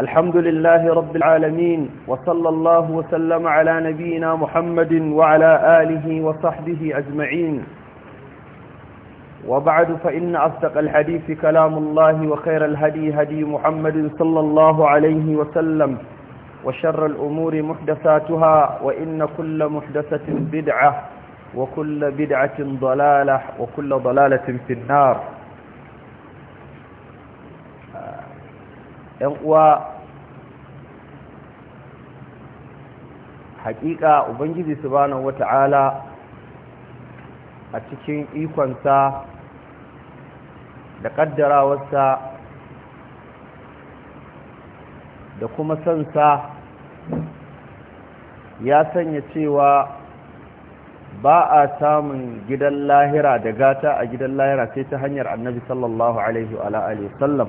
الحمد لله رب العالمين وصلى الله وسلم على نبينا محمد وعلى آله وصحبه أجمعين وبعد فإن أصدق الحديث كلام الله وخير الهدي هدي محمد صلى الله عليه وسلم وشر الأمور محدثاتها وإن كل محدثة بدعة وكل بدعة ضلالة وكل ضلالة في النار yan أه، haƙiƙa ubangiji subhanahu wata'ala a cikin ikonsa da ƙaddarawarsa da kuma sansa ya sanya cewa ba a samun gidan lahira da gata a gidan lahira sai ta hanyar annabi sallallahu alaihi wa sallam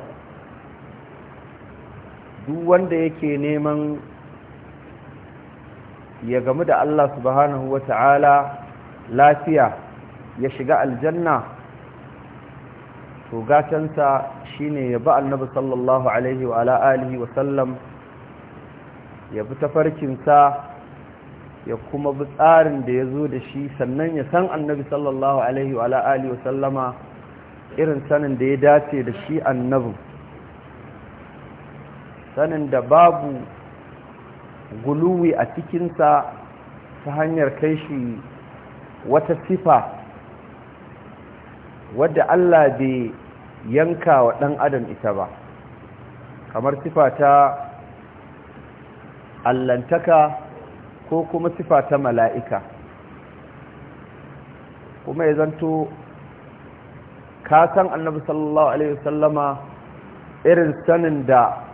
duk wanda yake neman ya gamu da Allah subhanahu wa ta'ala lafiya ya shiga aljanna to gatansa shine ya bi annabi sallallahu alaihi wa ala alihi wa sallam ya bi tafarkinsa ya kuma bi tsarin da ya zo da shi sannan ya san annabi sallallahu alaihi wa ala alihi wa sallama irin sanin da ya dace da shi annabin sanin da babu guluwi a cikinsa ta hanyar kai shi wata sifa wadda Allah bai yanka wa ɗan adam ita ba kamar sifa ta allantaka ko kuma sifa ta mala'ika kuma ya zanto kasan annabi sallallahu alaihi wasallama irin sanin da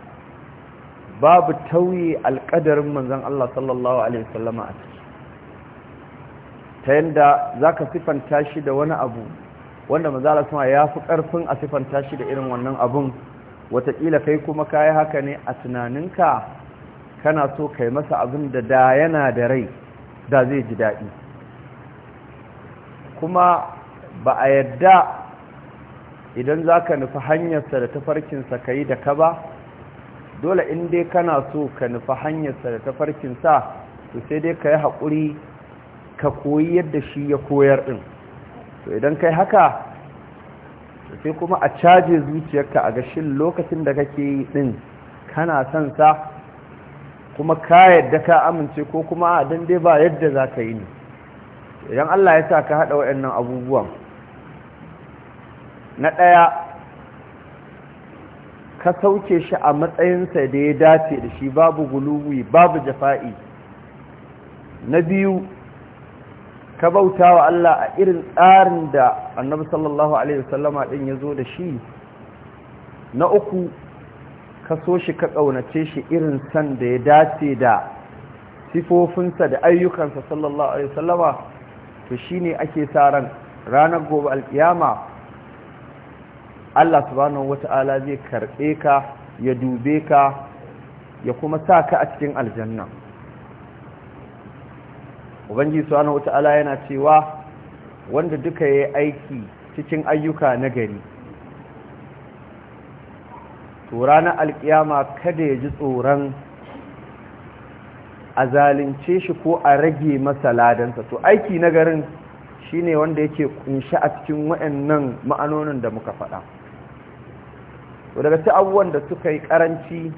babu tauye alƙadarin manzan Allah sallallahu Alaihi wasallama a ciki ta yadda za ka siffanta shi da wani abu wanda mazala suna ya fi ƙarfin a siffanta shi da irin wannan abun watakila kai kuma kayi haka ne a tunaninka kana so kai masa abin da da yana da rai da zai ji daɗi kuma ba a yadda idan za ka nufi hanyarsa da tafarkinsa ka yi da ka ba dole in dai kana so ka nufa hanyarsa da tafarkinsa to sai dai ka yi haƙuri ka koyi yadda shi ya koyar ɗin to idan kai haka sai kuma a caje zuciyarka a gashin lokacin da kake yi ɗin kana son sa kuma ka yadda ka amince ko kuma don dai ba yadda za ka yi ne idan allah ya sa ka haɗa waɗannan abubuwan na ɗaya ka sauke shi a matsayinsa da ya dace da shi babu guluwi babu jafa'i na biyu ka bauta wa Allah a irin tsarin da annabi sallallahu alaihi wasallama din ya zo da shi na uku ka so shi ka ƙaunace shi irin san da ya dace da sifofinsa da ayyukansa sallallahu alaihi wasallama to ne ake sa ran ranar gobe alkiyama Allah subhanahu wata'ala zai karɓe ka ya dube ka ya kuma sa ka a cikin aljanna ubangiji subhanahu wata'ala yana cewa wanda duka ya aiki cikin ayyuka na gari tura na alƙiyama kada ya ji tsoron a zalunce shi ko a rage masa ladansa to aiki na garin shine wanda yake kunshi a cikin waɗannan ma'anonin da muka faɗa to daga ci abubuwan da suka yi karanci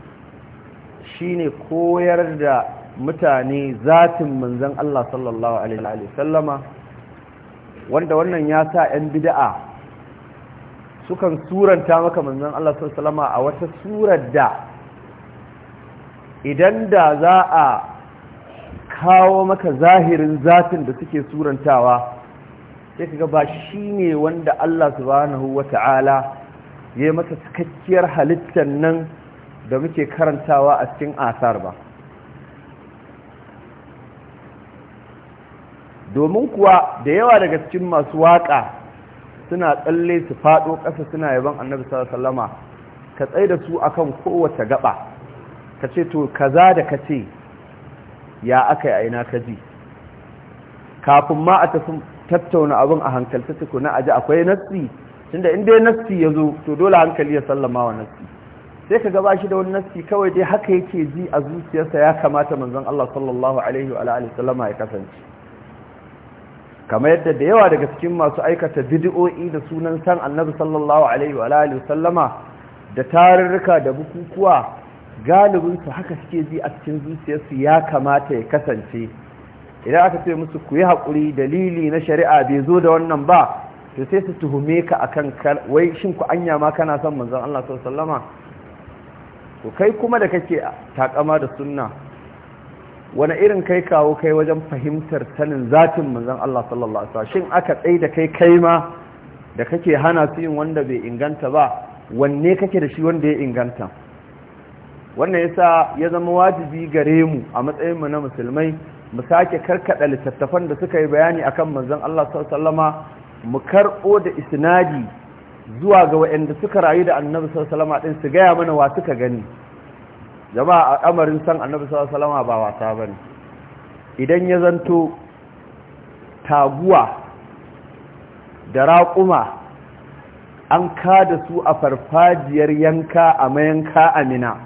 shine koyar da mutane zatin manzan Allah sallallahu alaihi sallama wanda wannan ya sa 'yan bida'a sukan suranta maka manzan Allah sallallahu a wata surar da idan da za a kawo maka zahirin zatin da suke surantawa sai kaga ba shine wanda Allah subhanahu wata'ala ya yi mata cikakkiyar halittar nan da muke karantawa a cikin asar ba domin kuwa da yawa daga cikin masu waƙa suna tsalle su faɗo ƙasa suna yaban annabi sallama ka tsaye da su akan kowace gaba ka ce to kaza da ka ce ya aka yi aina ka ji kafin ma a tattauna abin a hankalta tukuna aji akwai nassi tunda in dai nassi ya zo to dole hankali ya sallama wa nasti sai ka gaba shi da wani nasti kawai dai haka yake ji a zuciyarsa ya kamata manzon Allah sallallahu alaihi wa alihi sallama ya kasance kamar yadda da yawa daga cikin masu aikata bid'o'i da sunan san annabi sallallahu alaihi wa alihi sallama da tarurruka da bukukuwa galibin su haka suke ji a cikin zuciyarsu ya kamata ya kasance idan aka ce musu ku yi haƙuri dalili na shari'a bai zo da wannan ba to sai su tuhume ka akan wai shin ku anya ma kana son manzon Allah sallallahu to kai kuma da kake takama da sunna wani irin kai kawo kai wajen fahimtar sanin zatin manzon Allah sallallahu alaihi wasallam shin aka tsai da kai kai ma da kake hana su yin wanda bai inganta ba wanne kake da shi wanda ya inganta wannan yasa ya zama wajibi gare mu a matsayin mu na musulmai mu sake karkada littattafan da suka yi bayani akan manzon Allah sallallahu alaihi wasallama mu karɓo da isnadi zuwa ga waɗanda suka rayu da annabi sallallahu ɗin su gaya mana wa suka gani jama'a al'amarin san annabi sallallahu ba wasa bane idan ya zanto taguwa da raƙuma an ka da su a farfajiyar yanka a mayanka amina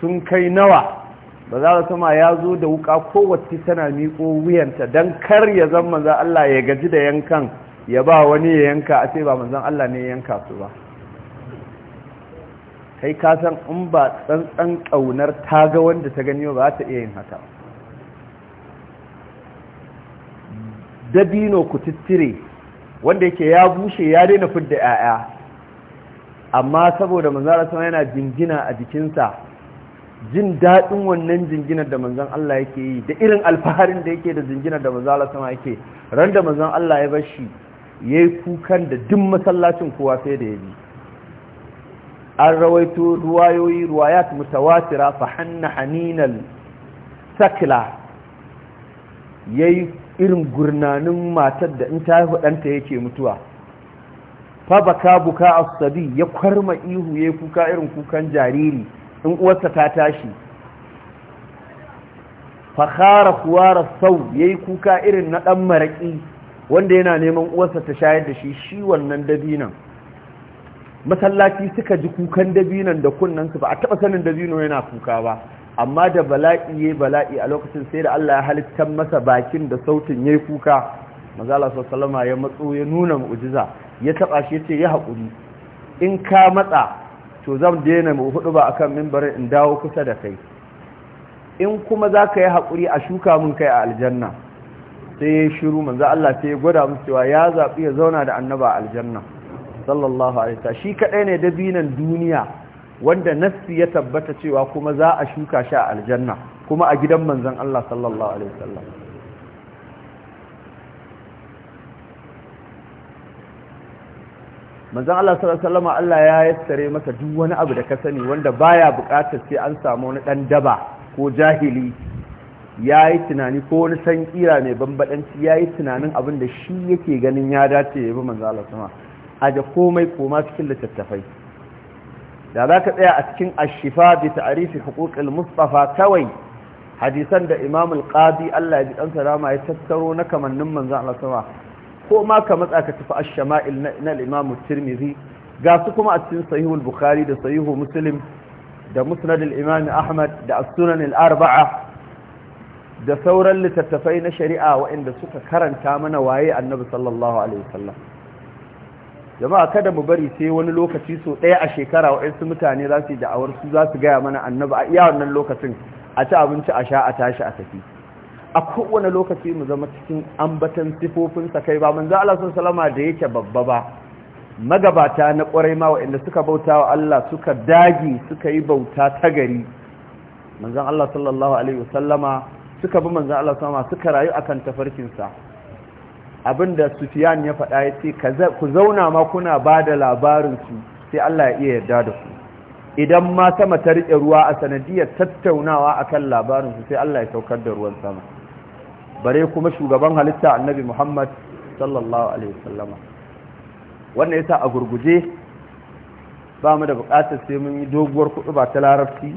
sun kai nawa ba za sama ya zo da wuka kowace tana miƙo wuyanta don kar ya zan manzan Allah ya gaji da yankan ya ba wani ya yanka a ba manzan Allah ne yanka su ba kai kasan in ba tsantsan ƙaunar ta ga wanda ta gani ba ta iya yin haka dabino ku tittire wanda yake ya bushe ya daina fidda 'ya'ya amma saboda manzara sama yana jingina a jikinsa jin daɗin wannan jinginar da manzan Allah yake yi da irin alfaharin da yake da jinginar da manzan Allah sama yake ran da manzan Allah ya bar shi yi kukan da duk masallacin kowa sai da ya bi an rawaito ruwayoyi ruwayat mutawatira fa hanna haninal sakla yi irin gurnanin matar da in ta haihu ɗanta yake mutuwa fa baka buka as-sabi ya kwarma ihu ya yi kuka irin kukan jariri in uwarsa ta tashi fakhara kuwara sau yayi kuka irin na ɗan maraƙi. wanda yana neman uwarsa ta shayar da shi shi wannan dabinan masallaci suka ji kukan dabinan da kunnan su ba a taɓa sanin dabino yana kuka ba amma da bala'i yayi bala'i a lokacin sai da Allah ya halitta masa bakin da sautin yayi kuka manzo sallallahu ya matso ya nuna mu'jiza ya taba shi ya ce ya hakuri in ka matsa to zan daina mu hudu ba akan mimbarin in dawo kusa da kai in kuma za ka yi haƙuri a shuka mun kai a aljanna sai ya shiru manzo Allah sai ya gwada musu cewa ya zaɓi ya zauna da annaba a aljanna sallallahu alaihi wasallam shi kadai ne dabinan duniya wanda nafsi ya tabbata cewa kuma za a shuka shi a aljanna kuma a gidan manzon Allah sallallahu alaihi wasallam manzon Allah sallallahu Allah ya yassare masa duk wani abu da ka sani wanda baya buƙatar sai an samu wani dan daba ko jahili ya yi tunani ko wani san kira mai bambadanci ya yi tunanin abin da shi yake ganin ya dace ya bi manzo Allah sama a da komai koma cikin littattafai da za ka tsaya a cikin ashifa bi ta'arifi huquqil mustafa kawai hadisan da imamul qadi Allah ya ji dan salama ya tattaro na kamannin manzo Allah sama ko ma ka matsa ka tafi ash-shama'il na al-Imam Tirmidhi ga su kuma a cikin sahihul Bukhari da sahihu Muslim da musnad al-Imam Ahmad da as-Sunan al-Arba'a da sauran littattafai na shari'a waɗanda suka karanta mana waye Annabi sallallahu alaihi wasallam jama'a kada mu bari sai wani lokaci so ɗaya a shekara waɗansu mutane za su yi da'awar su za su gaya mana annabi a iya wannan lokacin a ci abinci a sha a tashi a tafi a kowane lokaci mu zama cikin ambatan sifofinsa kai ba manzo Allah sun salama da yake babba ba magabata na ƙwarai ma waɗanda suka bauta wa Allah suka dagi suka yi bauta ta gari manzon Allah sallallahu alaihi wasallama suka bi manzon Allah sama suka rayu akan tafarkinsa abinda Sufyan ya faɗa ya ce ku zauna ma kuna ba da labarin su sai Allah ya iya yarda da ku idan ma sama ta riƙe ruwa a sanadiyar tattaunawa akan labarin su sai Allah ya saukar da ruwan sama bare kuma shugaban halitta annabi Muhammad sallallahu alaihi wasallama wannan yasa a gurguje ba mu da bukatar sai mun yi doguwar kudu ba ta larabci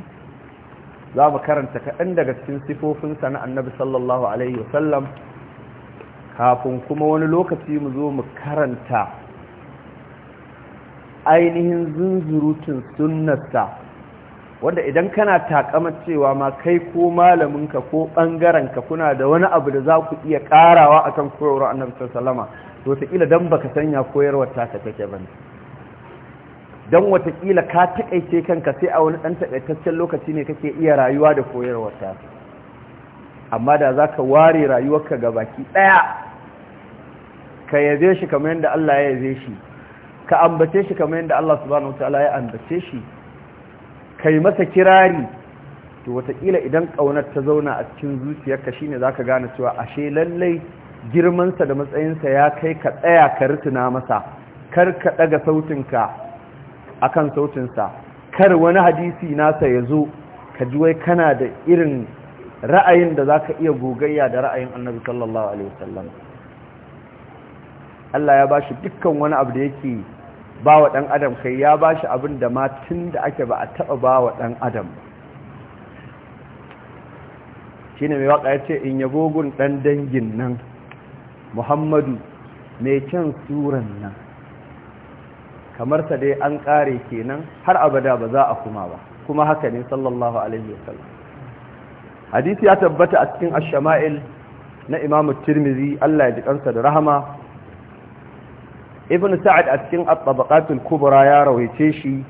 za mu karanta kaɗan daga cikin sifofinsa na annabi sallallahu alaihi wasallam kafin kuma wani lokaci mu zo mu karanta ainihin zunzurutun sunnarsa wanda idan kana takamar cewa ma kai ko malaminka ko ɓangarenka kuna da wani abu da za ku iya ƙarawa a kan koyarwar annabi salama, to wataƙila don baka sanya koyarwar taka take ba don wataƙila ka taƙaice kanka sai a wani ɗan taƙaitaccen lokaci ne kake iya rayuwa da koyarwar ta amma da za ka ware rayuwarka ga baki ɗaya ka yabe shi kamar yadda Allah ya yabe shi ka ambace shi kamar yadda Allah subhanahu wa ta'ala ya ambace shi kai masa kirari to watakila idan ƙaunar ta zauna a cikin zuciyarka shine zaka gane cewa ashe lallai girmansa da matsayinsa ya kai ka tsaya ka rutuna masa kar ka ɗaga sautinka akan sautinsa kar wani hadisi nasa ya zo ka ji wai kana da irin ra'ayin da zaka iya gogayya da ra'ayin annabi sallallahu alaihi wasallam Allah ya bashi dukkan wani abu da yake ba wa ɗan adam kai ya ba shi abin da ma da ake ba a taɓa ba wa ɗan adam shi ne mai waka ya ce in yabo gun ɗan dangin nan muhammadu mai kyan tsuran nan kamar ta dai an ƙare kenan har abada ba za a kuma ba kuma haka ne sallallahu alaihi wasallam hadisi ya tabbata a cikin ash-shama'il na imamu tirmizi Allah ya ji kansa da rahama ibn sa'ad a cikin at-tabaqatul kubra ya rawaice shi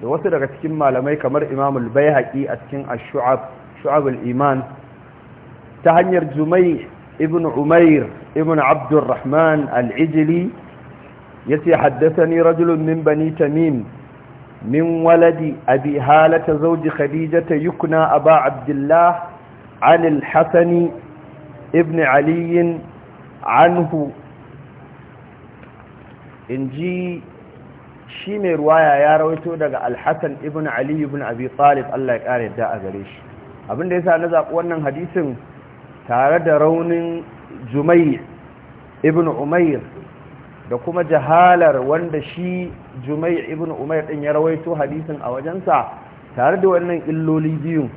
da wasu daga cikin malamai kamar imam al-baihaqi a cikin ash-shu'ab shu'ab al-iman ta hanyar jumay ibn umair ibn abdurrahman al-rahman al-ijli yace haddathani rajulun min bani tamim min waladi abi halata zawji khadijata yukna aba abdullah عن hasani ibn علي عنه in ji shi mai ruwaya ya rawaito daga alhassan ibn ali ibn abi talib allah ya kare da a gare shi abinda ya sa na zaɓi wannan hadisin tare da raunin jumair ibn umair da kuma jahalar wanda shi jumai ibn umair ɗin ya rawaito hadisin a wajensa tare da wannan illoli biyun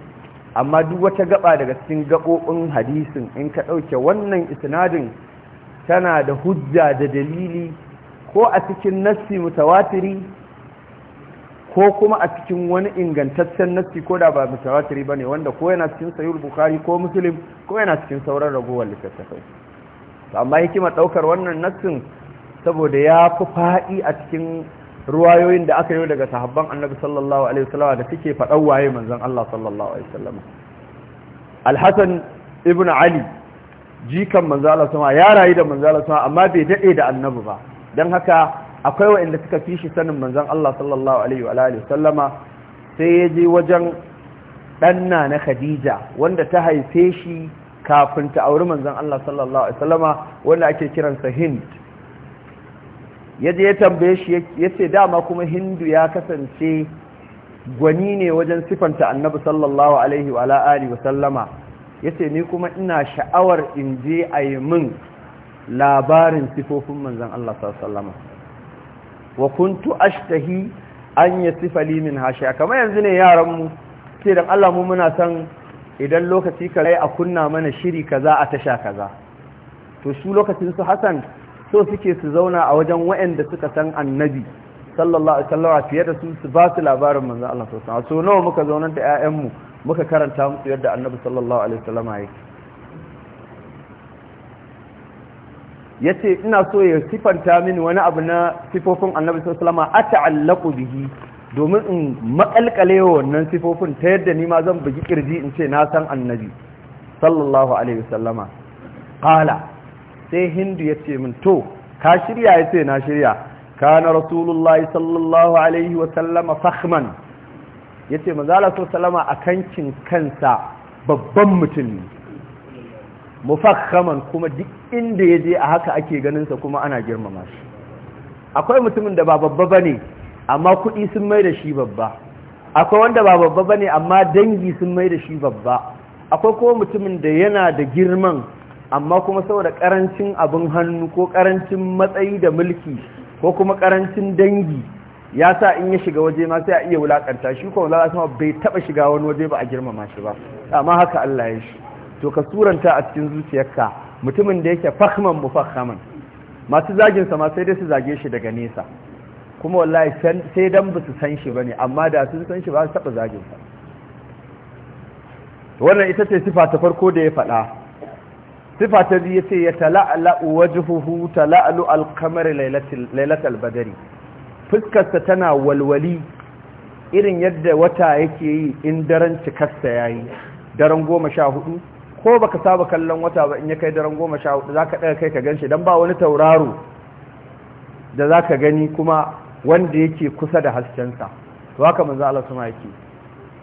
amma duk wata gaba daga cikin gaɓoɓin hadisin in ka ɗauke wannan isnadin tana da hujja da dalili ko a cikin nassi mutawatiri ko kuma a cikin wani ingantaccen nassi ko da ba mutawatiri ba ne wanda ko yana cikin sayul bukari ko musulun, ko yana cikin sauran ragowar littattafai amma hikimar ɗaukar wannan nassin saboda ya fi fa'i a cikin ruwayoyin da aka yi daga sahabban annabi sallallahu alaihi wasallam da suke faɗan waye Allah sallallahu alaihi wasallam al ibn Ali jikan manzon Allah sama ya rayu da manzon sama amma bai dade da annabi ba don haka akwai waɗanda suka fi shi sanin manzan Allah sallallahu alaihi wa sallama sai ya je wajen ɗanna na Khadija wanda ta haife shi kafin ta auri manzan Allah sallallahu alaihi sallama wanda ake kiransa Hind ya je ya tambaye shi ya ce dama kuma Hindu ya kasance gwani ne wajen siffanta annabi sallallahu alaihi wa alihi wa sallama yace ni kuma ina sha'awar in je a yi min labarin sifofin manzan Allah sallama wa kuntu ashtahi an ya sifali min hashiya kamar yanzu ne yaranmu ce don Allah mu muna son idan lokaci ka rai a kunna mana shiri kaza a tasha kaza to su lokacin su hasan so suke su zauna a wajen wa'anda suka san annabi sallallahu alaihi wasallam fiye da su su ba su labarin manzan Allah sallallahu alaihi wasallam so nawa muka zauna da ƴaƴanmu muka karanta musu yadda annabi sallallahu alaihi wasallam yake ya ce ina so ya sifanta mini wani abu na sifofin annabi sallama a ta'allaku bihi domin in makalkale wannan sifofin ta yadda ni ma zan bugi kirji in ce na san annabi sallallahu alaihi wasallama qala sai hindu ya ce min to ka shirya ya ce na shirya kana rasulullahi sallallahu alaihi wasallama fakhman ya ce manzala sallama a kankin kansa babban mutum ne mufakkaman kuma duk inda ya je a haka ake ganinsa kuma ana girmama shi akwai mutumin da ba babba ba amma kuɗi sun mai da shi babba akwai wanda ba babba ba amma dangi sun mai da shi babba akwai kuma mutumin da yana da girman amma kuma saboda ƙarancin abin hannu ko ƙarancin matsayi da mulki ko kuma ƙarancin dangi ya sa in ya shiga waje ma sai a iya wulaƙanta shi kuma lalata bai taɓa shiga wani waje ba a girmama shi ba amma haka Allah ya shi to ka suranta a cikin zuciyarka mutumin da yake fahman mufahhaman masu zagin sa ma sai dai su zage shi daga nesa kuma wallahi sai dan ba su san shi bane amma da sun san shi ba su taba zagin wannan ita ce sifa ta farko da ya faɗa sifa ta biyu sai ya tala'ala wajhuhu tala'alu al-qamari lailatul badri fuskarsa tana walwali irin yadda wata yake yi in daren cikarsa yayi daren goma sha hudu ko baka saba kallon wata ba in ya kai daren goma sha hudu za ka ɗaga kai ka gan shi don ba wani tauraro da za ka gani kuma wanda yake kusa da haskensa to haka manzala sama yake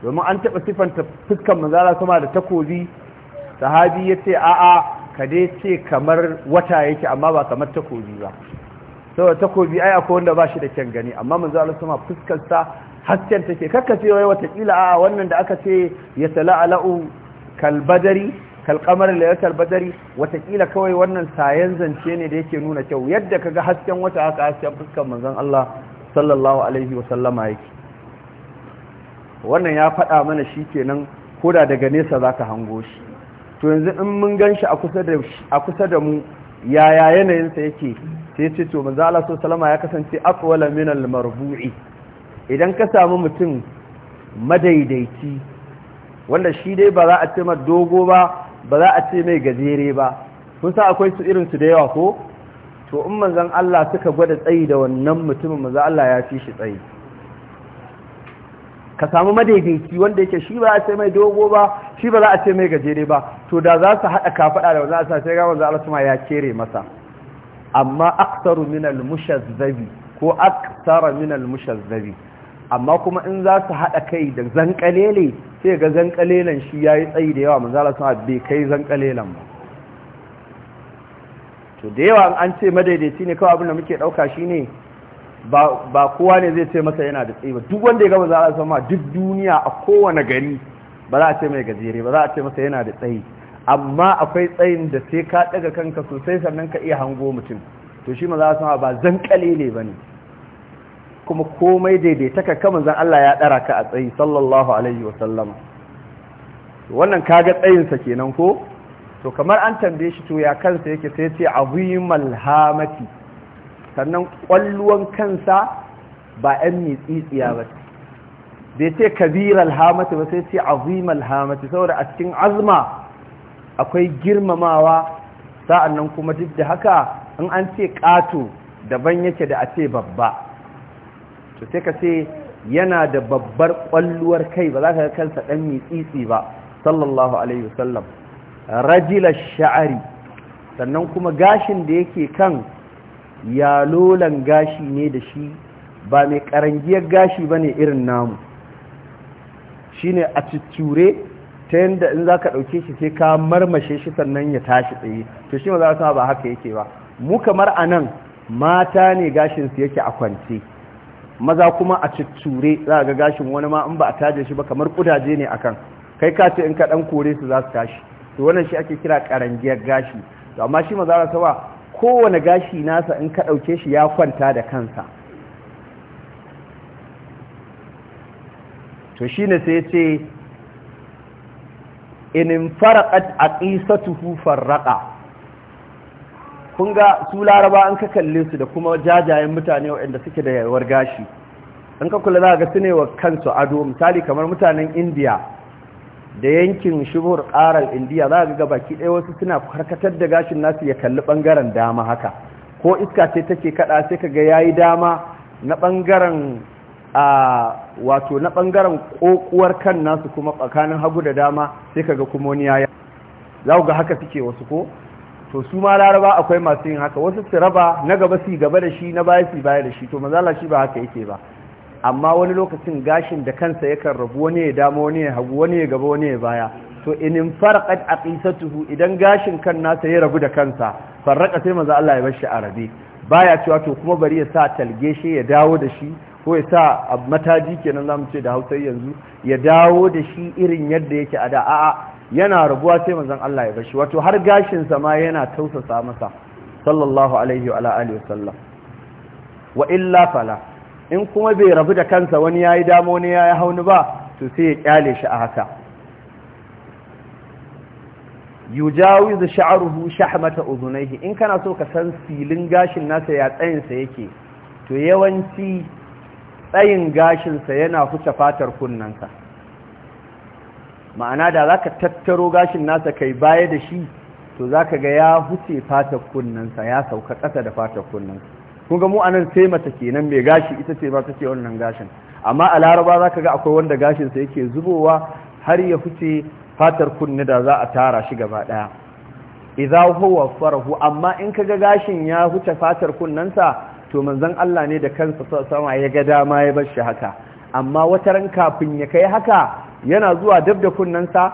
domin an taɓa siffanta fuskan manzala sama da takobi sahabi ya ce a'a ka dai ce kamar wata yake amma ba kamar takobi ba saboda takobi ai akwai wanda ba shi da kyan gani amma manzala sama fuskarsa hasken take kakkace ce wai watakila a wannan da aka ce ya sala'ala'u kalbadari kalkamar layatar badari watakila kawai wannan sayan zance ne da yake nuna kyau yadda ka ga hasken wata haka hasken fuskar manzan Allah sallallahu alaihi wasallama yake wannan ya faɗa mana shi kenan koda daga nesa za ka hango shi to yanzu in mun gan shi a kusa da mu yaya yanayinsa yake sai ce to manzan Allah sallallahu ya kasance akwala minal marbui idan ka samu mutum madaidaici wanda shi dai ba za a ce dogo ba ba za a ce mai gajere ba kun sa akwai su irinsu da yawa ko to in manzon Allah suka gwada tsayi da wannan mutumin manzon Allah ya fi shi tsayi ka samu madaidaici wanda yake shi ba a ce mai dogo ba shi ba za a ce mai gajere ba to da za su haɗa kafaɗa da wanda a sai ga manzon Allah ya kere masa amma aktaru minal mushazzabi ko aktara minal mushazzabi amma kuma in za su haɗa kai da zankalele sai ga zankalelen shi ya yi tsayi da yawa manzala sama bai kai zankalelen ba to da yawa an ce madaidaici ne kawai abin da muke ɗauka shi ne ba kowa ne zai ce masa yana da tsayi ba duk wanda ya ga a zama duk duniya a kowane gari ba za a ce mai gajere ba za a ce masa yana da tsayi amma akwai tsayin da sai ka ɗaga kanka sosai sannan ka iya hango mutum to shi manzala sama ba zankalele ba ne kuma komai daidaitaka ka manzan Allah ya ɗara ka a tsayi sallallahu alaihi wasallam wannan kaga tsayinsa kenan ko to kamar an tambaye shi to ya kansa yake sai ce azimal malhamati sannan kwalluwan kansa ba mai mitsitsiya ba bai ce kabiral hamati ba sai ce azimal malhamati saboda a cikin azma akwai girmamawa sa'annan kuma duk da haka in an ce ƙato daban yake da a ce babba to sai ka ce yana da babbar kwalluwar kai ba za ka ga kansa dan mitsitsi ba sallallahu alaihi wasallam rajila sha'ari sannan kuma gashin da yake kan yalolan gashi ne da shi ba mai ƙarangiyar gashi ba ne irin namu shine a cicture ta yadda in za ka ɗauke shi sai ka marmashe shi sannan ya tashi tsaye to shi ma za ba haka yake ba mu kamar a nan mata ne gashinsu yake a kwance maza kuma a cicture za ga gashin wani ma in ba a taje shi ba kamar kudaje ne akan kai ka ce in ka dan kore su za su tashi to wannan shi ake kira karangiyar gashi to amma shi maza ra kowane gashi nasa in ka dauke shi ya kwanta da kansa to shine sai ya ce in farqat aqisatuhu farqa kun ga su laraba an ka kalle su da kuma jajayen mutane waɗanda suke da yawar gashi an ka kula za ga su ne wa kansu ado misali kamar mutanen indiya da yankin shubur ƙarar indiya za ga baki ɗaya wasu suna karkatar da gashin nasu ya kalli ɓangaren dama haka ko iska ce take kaɗa sai ka ga ya yi dama na ɓangaren wato na ɓangaren ƙoƙuwar kan nasu kuma tsakanin hagu da dama sai ka ga kuma wani yaya za ga haka suke wasu ko to su ma laraba akwai masu yin haka wasu su raba na gaba su gaba da shi na baya su baya da shi to mazala shi ba haka yake ba amma wani lokacin gashin da kansa yakan rabu wani ya dama wani ya hagu wani ya gaba wani ya baya to in farqat aqisatuhu idan gashin kan nasa ya rabu da kansa farraka sai maza Allah ya bashi arabi baya cewa to kuma bari ya sa talge shi ya dawo da shi ko ya sa mataji kenan zamu ce da Hausa yanzu ya dawo da shi irin yadda yake a da a'a yana rabuwa sai manzon Allah ya bashi wato har gashin sa ma yana tausasa masa sallallahu alaihi wa alihi wasallam wa illa fala in kuma bai rabu da kansa wani yayi damo ne yayi hauni ba to sai ya kyale shi a haka yujawizu sha'ruhu shahmata udhunayhi in kana so ka san filin gashin nasa ya tsayin sa yake to yawanci tsayin gashin sa yana huce fatar kunnansa ma'ana da za ka tattaro gashin nasa kai baya da shi to za ka ga ya huce fatar kunnensa ya sauka ƙasa da fatar kunnensa kun ga mu anan sai mace kenan mai gashi ita ce ba ta ce wannan gashin amma a laraba za ka ga akwai wanda gashinsa yake zubowa har ya huce fatar kunne da za a tara shi gaba ɗaya idza huwa farahu amma in ka ga gashin ya huce fatar kunnensa to manzon Allah ne da kansa sama ya ga dama ya bar shi haka amma wata ran kafin ya kai haka yana zuwa dab da kunnansa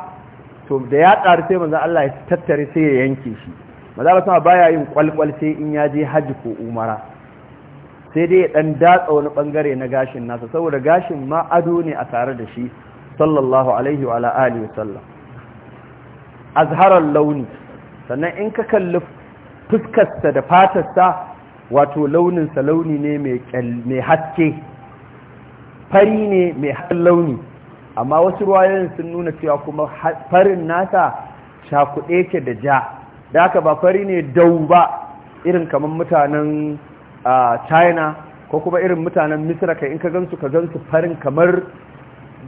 to da ya ƙari sai manzan Allah ya tattare sai ya yanke shi mazala sama baya yin kwalkwal sai in ya je hajji ko umara sai dai ya ɗan datsa wani ɓangare na gashin nasa saboda gashin ma ado ne a tare da shi sallallahu alaihi wa alihi sallam. azharar launi sannan in ka kalli fuskarsa da fatarsa wato launinsa launi ne mai haske fari ne mai launi amma wasu ruwayoyin sun nuna cewa kuma farin nasa shakuɗe ke da ja da haka ba fari ne dau ba irin kamar mutanen china ko kuma irin mutanen misira ka in ka gansu ka gansu farin kamar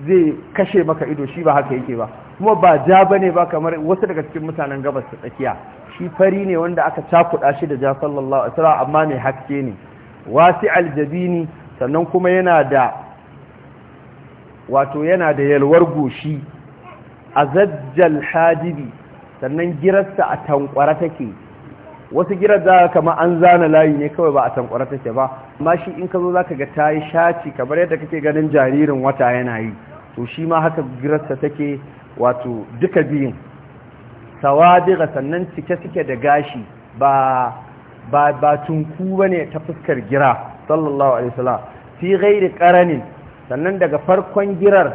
zai kashe maka ido shi ba haka yake ba kuma ba ja ba ne ba kamar wasu daga cikin mutanen gabas ta tsakiya shi fari ne wanda aka cakuɗa shi da ja sallallahu alaihi wasallam amma mai haske ne wasi aljabini sannan kuma yana da wato yana da yalwar goshi a zajjal hadibi sannan girarsa a tankwara take wasu girar za kama an zana layi ne kawai ba a tankwara take ba amma shi in ka zo za ka ga ta yi shaci kamar yadda kake ganin jaririn wata yana yi to shi ma haka girarsa take wato duka biyun sawadiga sannan cike suke da gashi ba tunku ba ne ta fuskar gira sallallahu alaihi wasallam fi ghairi karanin sannan daga farkon girar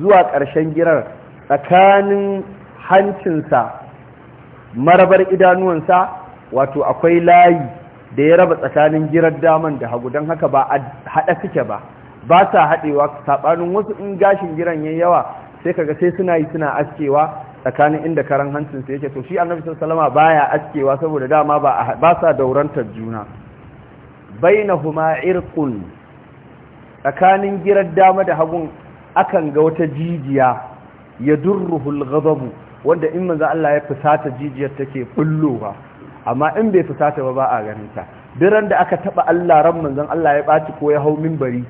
zuwa ƙarshen girar tsakanin hancinsa marabar idanuwansa wato akwai layi da ya raba tsakanin girar daman da hagu don haka ba a haɗa suke ba ba sa haɗewa saɓanin wasu in gashin giran ya yawa sai kaga sai suna yi suna askewa tsakanin inda karan hancinsa yake to shi annabi sallama baya askewa saboda dama ba sa daurantar juna bainahuma irqun tsakanin girar dama da hagun akan ga wata jijiya ya durruhul ghadabu wanda in manzo Allah ya fusata jijiyar take bullowa amma in bai fusata ba ba a ganin ta biran da aka taba Allah ran manzon Allah ya baci ko ya hau minbari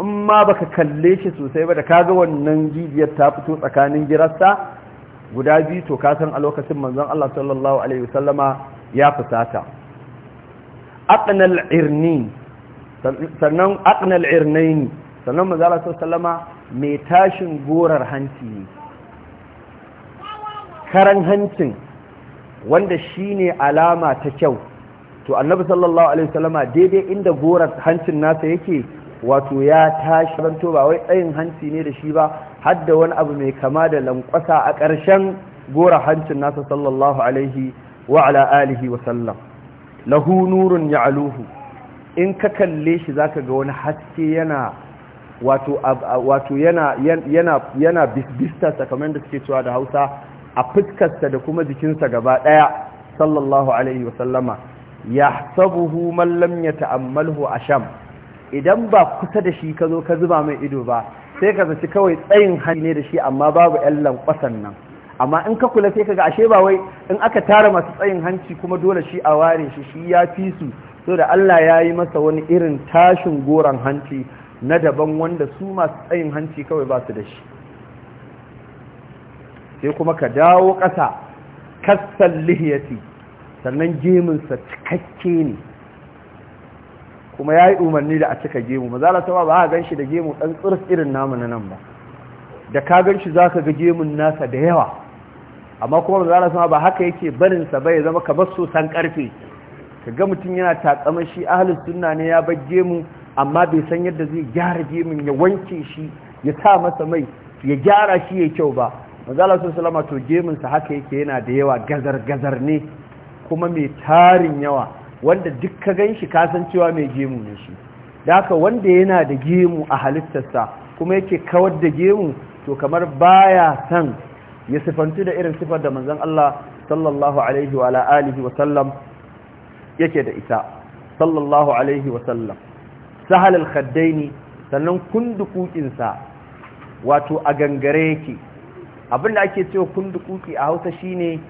in ma baka kalle shi sosai ba da kaga wannan jijiyar ta fito tsakanin girarsa guda biyu to ka san a lokacin manzo Allah sallallahu alaihi wasallama ya fusata aqnal irnin sannan aqnal irnaini sannan manzo sallama mai tashin gorar hanci ne karan hancin wanda shine alama ta kyau to annabi sallallahu alaihi wasallama daidai inda gorar hancin nasa yake wato ya tashi ranto ba wai tsayin hanci ne da shi ba har da wani abu mai kama da lankwasa a ƙarshen gora hancin nasa sallallahu alaihi wa ala alihi wa sallam lahu nurun aluhu. in ka kalle shi za ka ga wani haske yana wato yana yana kamar da suke cewa da Hausa a fuskarsa da kuma jikinsa gaba daya sallallahu alaihi wasallama yahsabuhu man lam a asham idan ba kusa da shi ka zo ka zuba mai ido ba sai ka zaci kawai tsayin hannu ne da shi amma babu ƴan lankwasan nan amma in ka kula sai ka ga ashe ba wai in aka tara masu tsayin hanci kuma dole shi a ware shi shi ya fi su so da Allah ya yi masa wani irin tashin goron hanci na daban wanda su masu tsayin hanci kawai ba su da shi sai kuma ka dawo ƙasa kassan lihiyati sannan geminsa cikakke ne kuma ya yi umarni da a cika gemu ma za ta ba a gan shi da gemu ɗan tsirs irin namu na nan ba da ka gan shi za ka ga gemun nasa da yawa amma kuma ba za ta ba haka yake barinsa bai zama kamar san ƙarfe Ka ga mutum yana takamar shi ahlus sunna ne ya bar gemu amma bai san yadda zai gyara gemun ya wanke shi ya sa masa mai ya gyara shi ya kyau ba mazala sun salama to gemunsa haka yake yana da yawa gazar-gazar ne kuma mai tarin yawa wanda duk ka gan shi kasancewa mai gemu ne shi da haka wanda yana da gemu a halittarsa kuma yake kawar da gemu to kamar baya san ya sifantu da irin sifar da manzan Allah sallallahu alaihi wa wa sallam yake da ita sallallahu alaihi sallam sahal al-khaddaini sannan sa wato a gangare yake abinda ake cewa kundukuki a hausa shine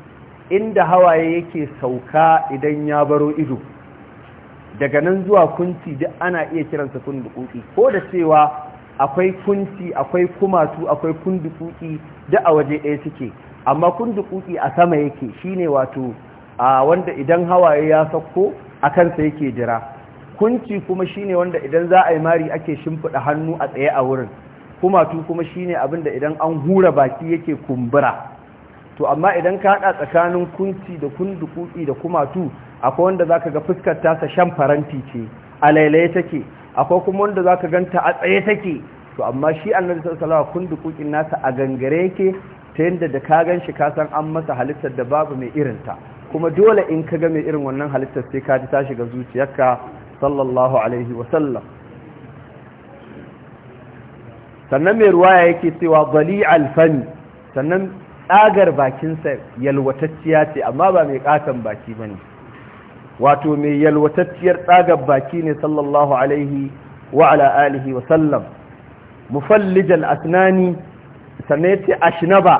inda hawaye yake sauka idan ya baro ido daga nan zuwa kunci da ana iya kiransa kundukuki ko da cewa akwai kunci akwai kumatu akwai kundukuki da a waje ɗaya suke amma kundukuki a sama yake shine wato a wanda idan hawaye ya sauko a kansa yake jira kunci kuma shine wanda idan za a yi mari ake shimfiɗa hannu a tsaye a wurin kumatu kuma shine abin da idan an hura baki yake kumbura to amma idan ka haɗa tsakanin kunci da kundukuki da kumatu akwai wanda zaka ga fuskar tasa shan faranti ce a lailaye take akwai kuma wanda zaka ganta a tsaye take to amma shi annabi sallallahu alaihi wasallam nasa a gangare yake ta yadda da ka gan shi ka san an masa halittar da babu mai irinta kuma dole in ka game irin wannan halittar sai ka ji ta shiga zuciyarka sallallahu alaihi sallam sannan mai ruwaya yake cewa bali alfani sannan tsagar bakinsa yalwatacciya ce amma ba mai katan baki ba wato mai yalwatacciyar tsagar baki ne sallallahu alaihi wa ala alihi sallam mufallijal asnani sannan ya ce ashnaba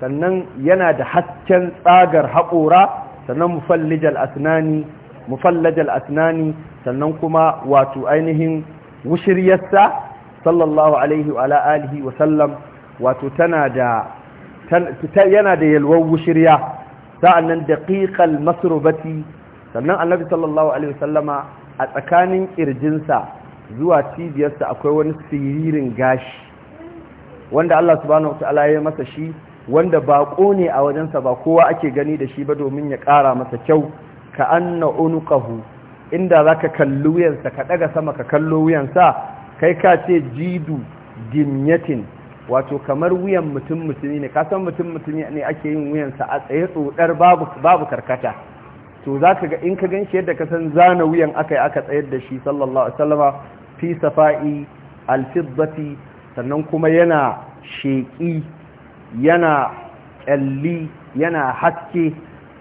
sannan yana da hasken tsagar haƙora sannan mufallijal asnani mufallajal asnani sannan kuma wato ainihin wushiryarsa sallallahu alaihi wa ala alihi wa sallam wato tana da yana da yalwar wushirya sa'annan daqiqal masrubati sannan annabi sallallahu alaihi wa sallama a tsakanin kirjinsa zuwa cibiyarsa akwai wani siririn gashi wanda Allah subhanahu wa ta'ala ya masa shi wanda baƙo ne a wajensa ba kowa ake gani da shi ba domin ya ƙara masa kyau ka anna unukahu. inda za ka kalli wuyansa ka ɗaga sama ka kallo wuyansa kai ka ce jidu dimyatin wato kamar wuyan mutum mutumi ne kasan mutum mutumi ne ake yin wuyansa a tsaye tsodar babu karkata to zaka ga in ka ganshi yadda ka san zana wuyan aka yi aka tsayar da shi sallallahu alaihi sallama, fi safa'i al sannan kuma yana sheƙi yana ƙyalli yana haske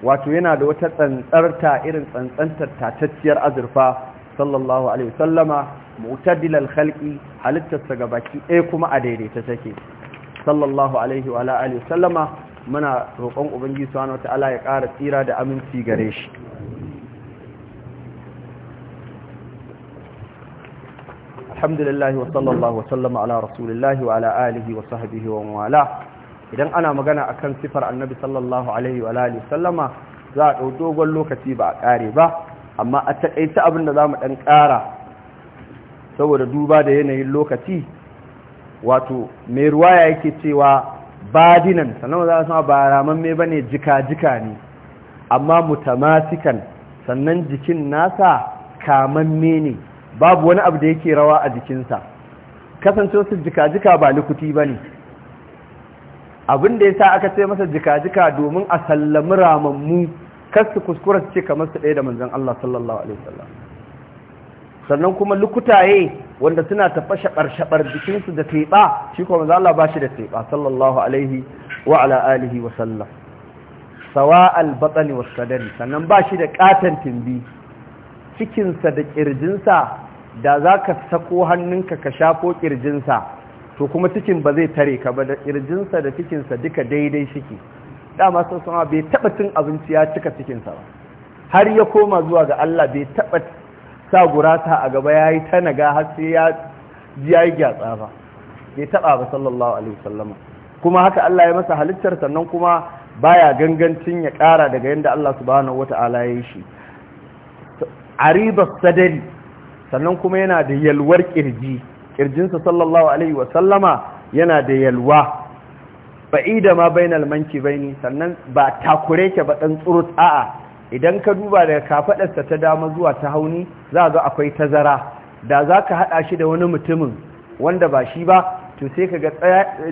wato yana da wata tsantsarta irin tsantsantar tatacciyar azurfa sallallahu alaihi wasallama mu'tadilal khalqi halittarsa ga baki ɗaya kuma a daidaita take sallallahu alaihi wa alihi wasallama muna roƙon ubangiji subhanahu wataala ya ƙara tsira da aminci gare shi alhamdulillah wa sallallahu wa sallama ala rasulillahi wa ala alihi wa sahbihi wa wala idan ana magana a kan sifar annabi sallallahu alaihi wa alihi sallama za a ɗau dogon lokaci ba a ƙare ba amma a taƙaita abin da za mu ɗan ƙara saboda duba da yanayin lokaci wato mai ruwaya yake cewa badinan sannan za a sama ba ramamme ba ne jika-jika ne amma mutamatikan sannan jikin nasa kamamme ne babu wani abu da yake rawa a jikinsa kasance wasu jika-jika ba likuti ba ne abin da ya sa aka ce masa jika-jika domin a sallami ramammu kar su kuskura su ce kamar su ɗaya da manzan Allah sallallahu alaihi wasallam sannan kuma lukutaye wanda suna tafa shaɓar-shaɓar jikinsu da teɓa shi kuma manzon Allah ba shi da teɓa sallallahu alaihi wa ala wa sallam sawa albatsani sadari sannan ba shi da ƙaton tumbi cikinsa da ƙirjinsa, da za ka sako hannunka ka shafo ƙirjinsa. to kuma cikin ba zai tare ka ba da irjinsa da cikinsa duka daidai shike dama sun sama bai taba cin abinci ya cika cikinsa ba har ya koma zuwa ga Allah bai taba sa gurata a gaba yayi ta naga har sai ya ji yayi gyatsa ba bai taba ba sallallahu alaihi wasallama kuma haka Allah ya masa halittar sannan kuma baya gangancin ya kara daga yadda Allah subhanahu wataala ya yi shi ariba sadari sannan kuma yana da yalwar kirji kirjinsa sallallahu alaihi wasallama yana da yalwa ba'ida ma bainal manki baini sannan ba takure ke ba dan tsurut a'a idan ka duba daga kafadarsa ta dama zuwa ta hauni za ga akwai tazara da za ka haɗa shi da wani mutumin wanda ba shi ba to sai ka ga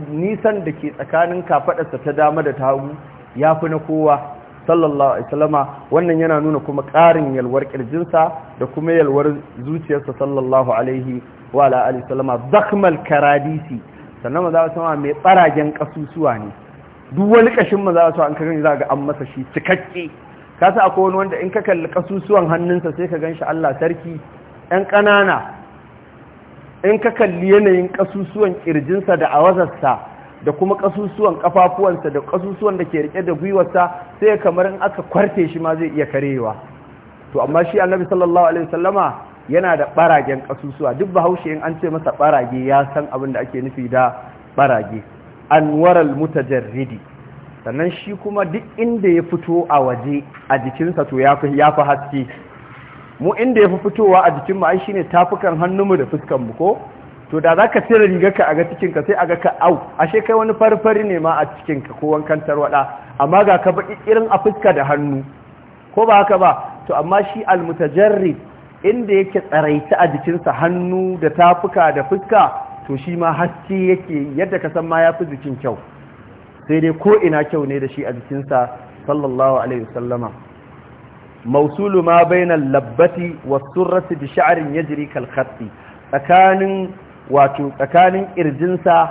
nisan da ke tsakanin kafaɗarsa ta dama da ta hagu ya fi na kowa sallallahu alaihi wasallama wannan yana nuna kuma ƙarin yalwar kirjinsa da kuma yalwar zuciyarsa sallallahu alaihi wa ala alihi wasallama zakmal karadisi sannan maza wasu ma mai tsaragen kasusuwa ne duk wani kashin maza wasu an ka za ga an masa shi cikakke ka akwai wani wanda in ka kalli kasusuwan hannunsa sai ka ganshi Allah sarki ɗan ƙanana in ka kalli yanayin kasusuwan kirjinsa da awazarsa da kuma kasusuwan kafafuwansa da kasusuwan da ke rike da gwiwarsa sai kamar in aka kwarte shi ma zai iya karewa to amma shi annabi sallallahu alaihi wasallama yana da ɓaragen kasusuwa duk bahaushe in an ce masa ɓarage ya san abin da ake nufi da barage anwaral mutajarridi sannan shi kuma duk inda ya fito a waje a jikinsa to ya fi haske mu inda ya fi fitowa a jikinmu ai shine tafukan hannunmu da mu ko to da za ka cire rigarka a ga cikinka sai a ga ka au ashe kai wani farfari ne ma a cikinka ko wankan tarwada amma ga ka baƙi irin a fuska da hannu ko ba haka ba to amma shi almutajarrid inda yake tsaraita a jikinsa hannu da tafuka da fuska to shi ma haske yake yadda ka san ma ya fi jikin kyau sai dai ko ina kyau ne da shi a jikinsa sallallahu alaihi wasallama mausulu ma bainal labbati was surrati bi sha'rin yajri kal khatti tsakanin wato tsakanin ƙirjinsa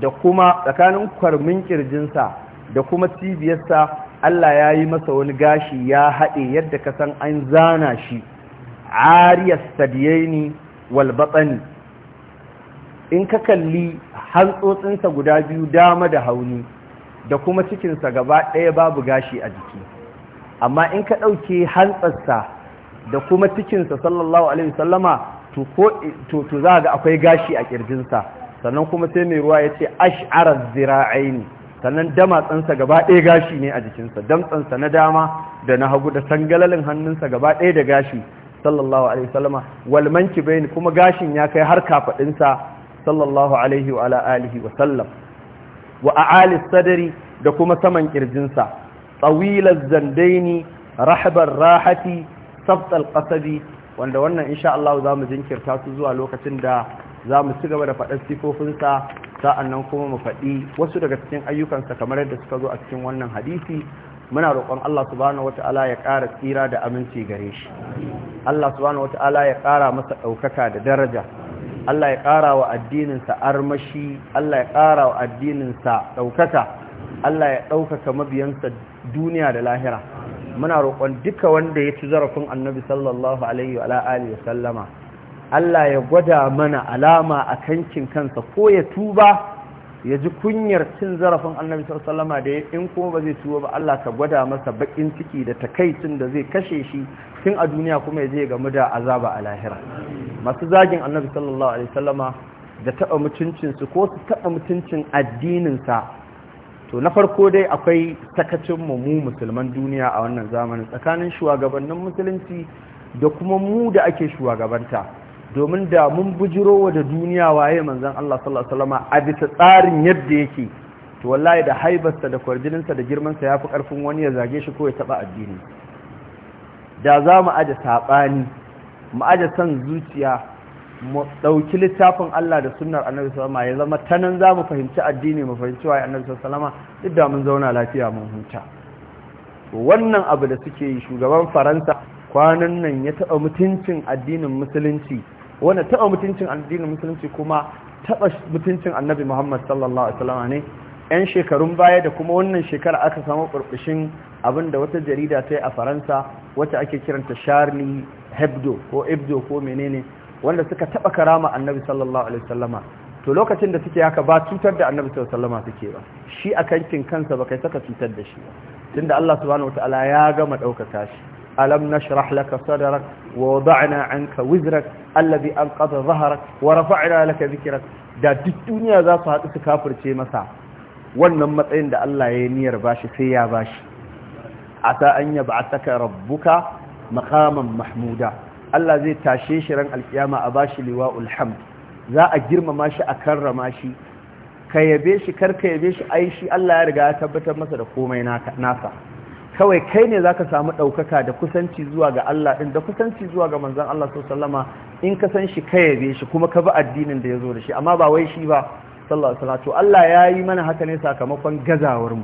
da kuma tsakanin kwarmin ƙirjinsa da kuma cibiyarsa Allah ya yi masa wani gashi ya haɗe yadda ka san an zana shi ariyar sadiyaini walbatsani in ka kalli hantsotsinsa guda biyu dama da hauni da kuma cikinsa gaba ɗaya babu gashi a jiki amma in ka ɗauke hantsarsa da kuma cikinsa sallallahu alaihi sallama to to za ga akwai gashi a kirjinsa sannan kuma sai mai ruwa ya ce ash'arar zira'aini sannan damatsansa gaba ɗaya gashi ne a jikinsa damtsansa na dama da na hagu da sangalalin hannunsa gaba ɗaya da gashi sallallahu alaihi wasallama wal bain kuma gashin ya kai har sa sallallahu alaihi wa ala alihi wa sallam wa a'ali sadri da kuma saman kirjinsa tawilaz zandaini rahbar rahati sabt al qasabi wanda wannan insha Allah za mu jinkirta su zuwa lokacin da za mu ci gaba da faɗar sifofinsa sa'annan kuma mu faɗi wasu daga cikin ayyukansa kamar yadda suka zo a cikin wannan hadisi muna roƙon Allah subhanahu wata'ala ya ƙara tsira da aminci gare shi Allah subhanahu wata'ala ya ƙara masa ɗaukaka da daraja Allah ya ƙara wa addininsa armashi Allah ya ƙara wa addininsa ɗaukaka Allah ya ɗaukaka mabiyansa duniya da lahira muna roƙon duka wanda ya ci zarafin annabi sallallahu alaihi wa alihi sallama Allah ya gwada mana alama a kankin kansa ko ya tuba ya ji kunyar cin zarafin annabi sallallahu alaihi da in kuma ba zai tuba ba Allah ka gwada masa bakin ciki da takaicin da zai kashe shi tun a duniya kuma ya je gamu da azaba a lahira masu zagin annabi sallallahu alaihi sallama da taɓa mutuncinsu ko su taɓa mutuncin addinin sa to na farko dai akwai takacin mu mu musulman duniya a wannan zamanin tsakanin shugabannin musulunci da kuma mu da ake shugabanta domin da mun bujiro da duniya waye manzon Allah sallallahu alaihi wasallam a bisa tsarin yadda yake to wallahi da haibarsa da kwarjininsa da girmansa ya fi ƙarfin wani ya zage shi ko ya taɓa addini da za mu aje saɓani mu aje son zuciya mu ɗauki littafin Allah da sunnar annabi sallama ya zama ta nan za mu fahimci addini mu fahimci wa annabi sallama duk da mun zauna lafiya mun huta wannan abu da suke yi shugaban faransa kwanan nan ya taɓa mutuncin addinin musulunci wanda taɓa mutuncin addinin musulunci kuma taɓa mutuncin annabi muhammad sallallahu alaihi wasallam ne yan shekarun baya da kuma wannan shekara aka samu ƙurƙushin abin da wata jarida ta yi a faransa wacce ake kiranta charlie hebdo ko hebdo ko menene wanda suka taba karama annabi sallallahu alaihi wasallama to lokacin da suke haka ba cutar da annabi sallallahu alaihi ba shi a kankin kansa ba saka cutar da shi tunda Allah subhanahu wataala ya gama daukaka shi alam nashrah laka sadrak wa wada'na anka wizrak alladhi anqadha dhahrak wa rafa'na laka dhikrak da duk duniya za su haɗu su kafirce masa wannan matsayin da Allah ya yi niyyar bashi sai ya bashi ata an yab'ataka rabbuka maqaman mahmuda Allah zai tashe shi ran alkiyama a bashi liwa hamd za a girmama shi a karrama shi ka yabe shi kar ka yabe shi ai shi Allah ya riga ya tabbatar masa da komai nasa kawai kai ne zaka samu ɗaukaka da kusanci zuwa ga Allah din da kusanci zuwa ga manzon Allah sallallahu in ka san shi ka yabe shi kuma ka bi addinin da ya zo da shi amma ba wai shi ba sallallahu alaihi wasallam Allah ya yi mana haka ne sakamakon gazawar mu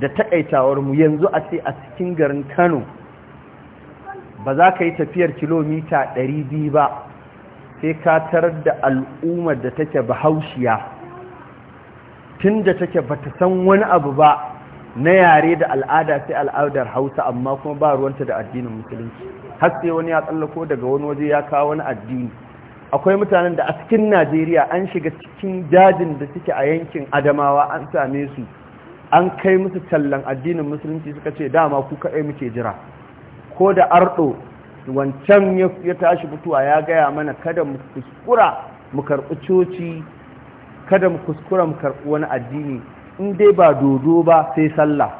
da takaitawar mu yanzu a ce a cikin garin Kano ba za ka yi tafiyar kilomita 200 ba sai ka tarar da al'ummar da take bahaushiya tun da take ba ta san wani abu ba na yare da al'ada sai al'adar hausa amma kuma ba ruwanta da addinin musulunci har sai wani ya tsallako daga wani waje ya kawo wani addini akwai mutanen da a cikin najeriya an shiga cikin dajin da suke a yankin adamawa an same su an kai musu tallan addinin musulunci suka ce dama ku kaɗai muke jira ko da ardo wancan ya tashi fituwa ya gaya mana kada mu kuskura mu karɓi coci kada mu kuskura mu karɓi wani addini in dai ba dodo ba sai sallah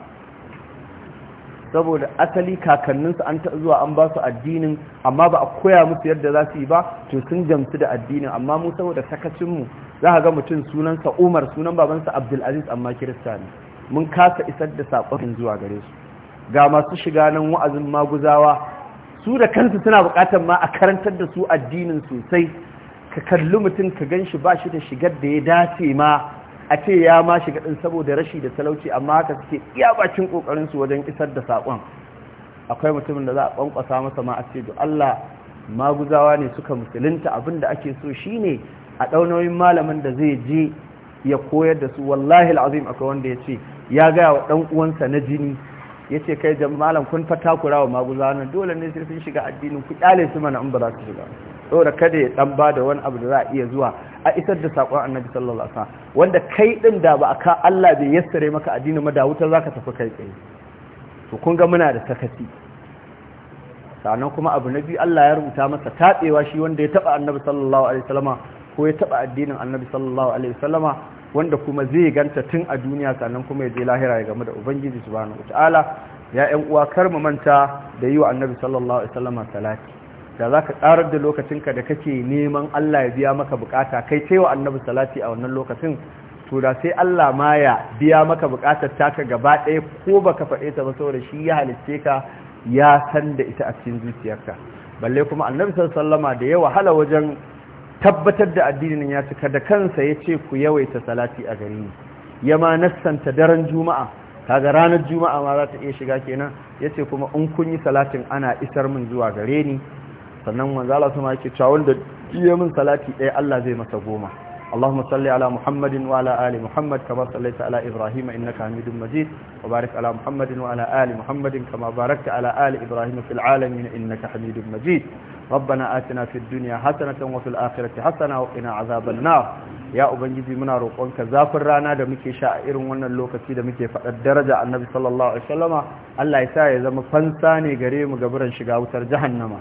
saboda asali kakanninsu an ta zuwa an ba su addinin amma ba a koya musu yadda za su yi ba to sun jamsu da addinin amma mu saboda sakacinmu za a ga mutum sunansa umar sunan babansa abdulaziz amma kirista ne mun kasa isar da saƙon zuwa gare su ga masu shiga nan wa'azin maguzawa su da kansu suna bukatar ma a karantar da su addinin sosai ka kalli mutum ka gan shi ba shi da shigar da ya dace ma a ce ya ma shiga ɗin saboda rashi da talauci amma haka suke iya kokarin ƙoƙarinsu wajen isar da saƙon akwai mutumin da za a ƙwanƙwasa masa ma a ce da Allah maguzawa ne suka musulunta abin da ake so shi ne a ɗaunoyin malamin da zai je ya koyar da su wallahi al'azim akwai wanda ya ce ya gaya wa ɗan uwansa na jini ya ce kai malam kun fata kura wa maguza dole ne sai sun shiga addinin ku kyale su mana in ba za su shiga saboda kada ya dan bada wani abu da za a iya zuwa a isar da sakon annabi sallallahu alaihi wasallam wanda kai din da ba ka Allah bai yassare maka addinin ma da wuta zaka tafi kai tsaye to kun ga muna da sakaci sannan kuma abu na biyu Allah ya rubuta masa tabewa shi wanda ya taba annabi sallallahu alaihi wasallama ko ya taba addinin annabi sallallahu alaihi wasallama wanda kuma zai ganta tun a duniya sannan kuma ya je lahira ya game da ubangiji subhanahu wataala ya ƴan uwa kar mu manta da yi wa annabi sallallahu alaihi wasallam salati da zaka tsarar da lokacinka da kake neman Allah ya biya maka bukata kai sai wa annabi salati a wannan lokacin to da sai Allah ma ya biya maka bukatar taka gaba ɗaya ko baka faɗe ta ba saboda shi ya halicce ka ya san da ita a cikin zuciyarka balle kuma annabi sallallahu alaihi wasallama da ya wahala wajen tabbatar da addinin ya cika da kansa ya ce ku yawaita salati a gari ni ya ma nassanta daren juma'a kaga ranar juma'a ma za ta iya shiga kenan ya ce kuma in kun yi salatin ana isar min zuwa gare ni sannan manzala sama yake cewa wanda iya min salati ɗaya Allah zai masa goma اللهم صل على محمد وعلى آل محمد كما صليت على إبراهيم إنك حميد مجيد وبارك على محمد وعلى آل محمد كما باركت على آل إبراهيم في العالمين إنك حميد مجيد ربنا آتنا في Hassana حسنة وفي الآخرة حسنة وقنا عذاب النار ya ubangiji muna roƙonka zafin rana da muke sha a irin wannan lokaci da muke faɗar daraja annabi sallallahu alaihi wasallama Allah ya sa ya zama fansa ne gare mu ga gaburan shiga wutar jahannama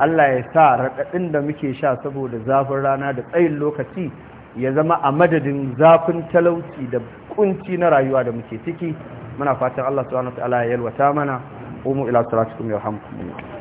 Allah ya sa raɗaɗin da muke sha saboda zafin rana da tsayin lokaci ya zama a madadin zafin talauci da ƙunci na rayuwa da muke ciki muna fatan Allah subhanahu wa ya yalwata mana umu ila salatikum yarhamkum